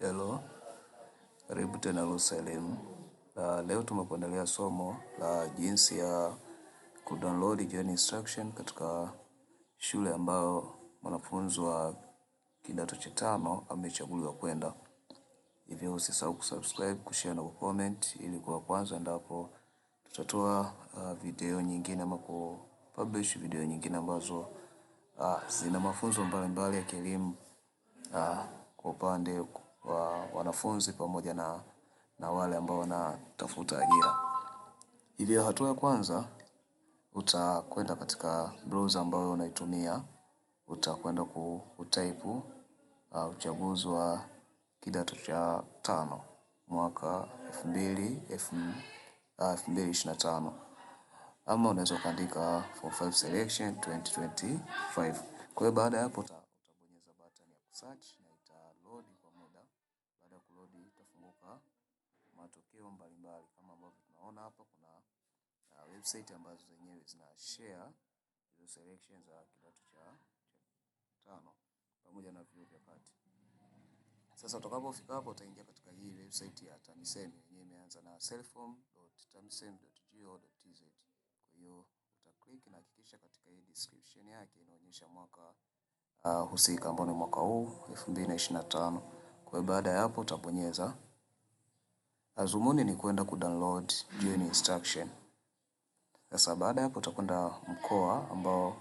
Hello, karibu tena Lusailimu. Uh, leo tumekuandalia somo la jinsi ya kudownload join instruction katika shule ambayo mwanafunzi wa kidato cha tano amechaguliwa kwenda. Hivyo usisahau kusubscribe, kushare na kucomment ili kwa kwanza endapo tutatoa uh, video nyingine ama ku publish video nyingine ambazo uh, zina mafunzo mbalimbali ya kielimu uh, kwa upande wa wanafunzi pamoja na, na wale ambao wanatafuta ajira. Hivyo hatua ya kwanza utakwenda katika browser ambayo unaitumia, utakwenda kutaipu uh, uchaguzi wa kidato cha tano mwaka uh, elfu mbili ishirini na tano ama unaweza ukaandika form five selection 2025. Kwa hiyo baada ya hapo utabonyeza button ya search italodi kwa muda. Baada ya kulodi itafunguka matokeo mbalimbali kama ambavyo tunaona hapa. Kuna uh, website ambazo zenyewe zina share hizo selections za kidato cha, cha tano pamoja na vyuo vya kati. Sasa utakapofika hapo utaingia katika hii website ya TAMISEMI yenyewe imeanza na cellform.tamisemi.go.tz. Kwa hiyo utaklik na hakikisha katika hii description yake inaonyesha mwaka uh, husika ambao ni mwaka huu 2025. Kwa hiyo baada ya hapo utabonyeza. Azumuni ni kwenda download join instruction. Sasa baada ya hapo utakwenda mkoa ambao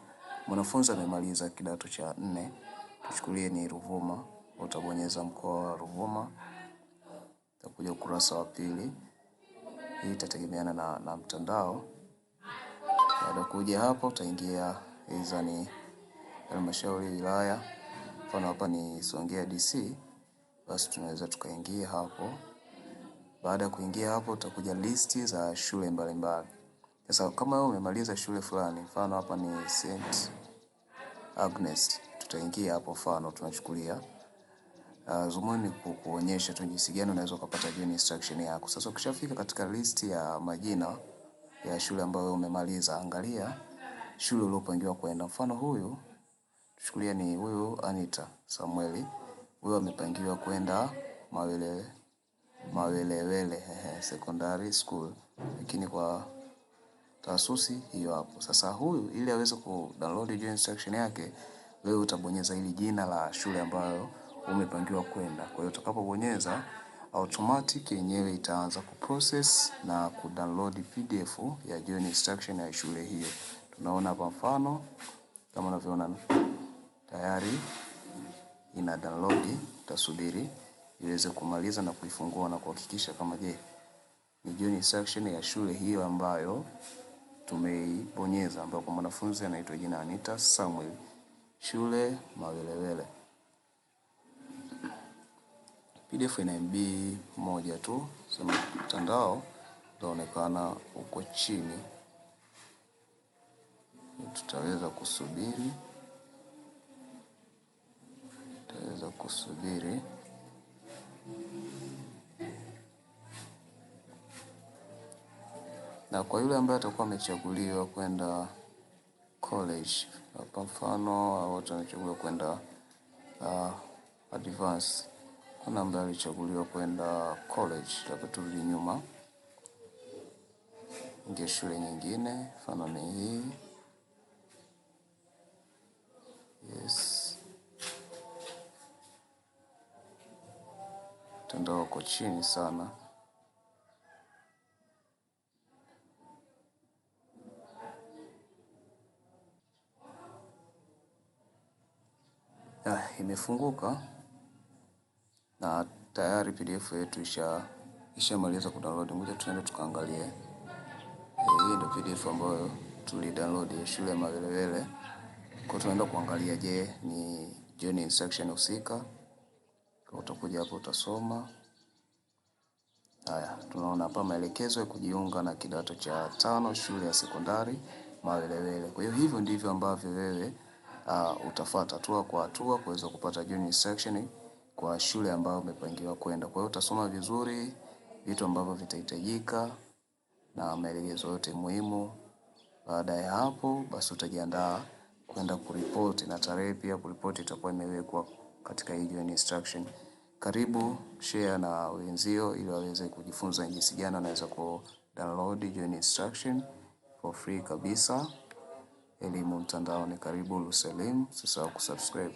mwanafunzi amemaliza kidato cha nne, tuchukulie ni Ruvuma. Utabonyeza mkoa wa Ruvuma, utakuja ukurasa wa pili. Hii itategemeana na, na mtandao. Baada kuja hapo utaingia hizo ni halmashauri wilaya, mfano hapa ni Songea DC, basi tunaweza tukaingia hapo. Baada ya kuingia hapo, utakuja listi za shule mbalimbali. Sasa kama wewe umemaliza shule fulani, mfano hapa ni St Agnes, tutaingia hapo, mfano tunachukulia Uh, zumuni kuonyesha tu jinsi gani unaweza kupata hiyo instruction yako. Sasa ukishafika katika listi ya majina ya shule ambayo umemaliza, angalia shule uliopangiwa kwenda. Mfano huyu Chukulia ni huyu Anita Samueli, huyu amepangiwa kwenda Mawelewele Mawelewele Secondary School, lakini kwa taasisi hiyo hapo. Sasa huyu ili aweze ku download hiyo instruction yake, wewe utabonyeza ili jina la shule ambayo umepangiwa kwenda. Kwa hiyo utakapobonyeza automatic yenyewe itaanza ku process na ku download PDF ya joint instruction ya shule hiyo. Tunaona hapa mfano kama unavyoona tayari ina download, tasubiri iweze kumaliza na kuifungua na kuhakikisha kama je, ni join section ya shule hiyo ambayo tumeibonyeza, kwa mwanafunzi anaitwa jina Anita Samuel, shule Mawelewele. PDF ina MB moja tu, sema mtandao utaonekana uko chini, tutaweza kusubiri tutaweza kusubiri na kwa yule ambaye atakuwa amechaguliwa kwenda college, kwa mfano au atachaguliwa kwenda uh, advance. Kuna ambaye alichaguliwa kwenda college, labda nyuma, ndio shule nyingine, mfano ni hii. mtandao wako chini sana. Ya, imefunguka na tayari PDF yetu isha ishamaliza kudownload. Ngoja tuende tukaangalie. Eh, hii ndio PDF ambayo ya shule ya Mavelewele. Kwa tunaenda kuangalia, je, ni je ni instruction husika utakuja hapo utasoma. Haya, tunaona hapa maelekezo ya kujiunga na kidato cha tano shule ya sekondari Mawelewele. Kwa hiyo hivyo ndivyo ambavyo wewe uh, ah, utafuata hatua kwa hatua kuweza kupata junior section kwa shule ambayo umepangiwa kwenda. Kwa hiyo utasoma vizuri vitu ambavyo vitahitajika na maelekezo yote muhimu. Baada ya hapo, basi utajiandaa kwenda kuripoti, na tarehe pia kuripoti itakuwa imewekwa katika hii join instruction. Karibu share na wenzio ili waweze kujifunza jinsi gani wanaweza ku download join instruction for free kabisa. Elimu mtandaoni. Karibu Lusalim, usisahau kusubscribe.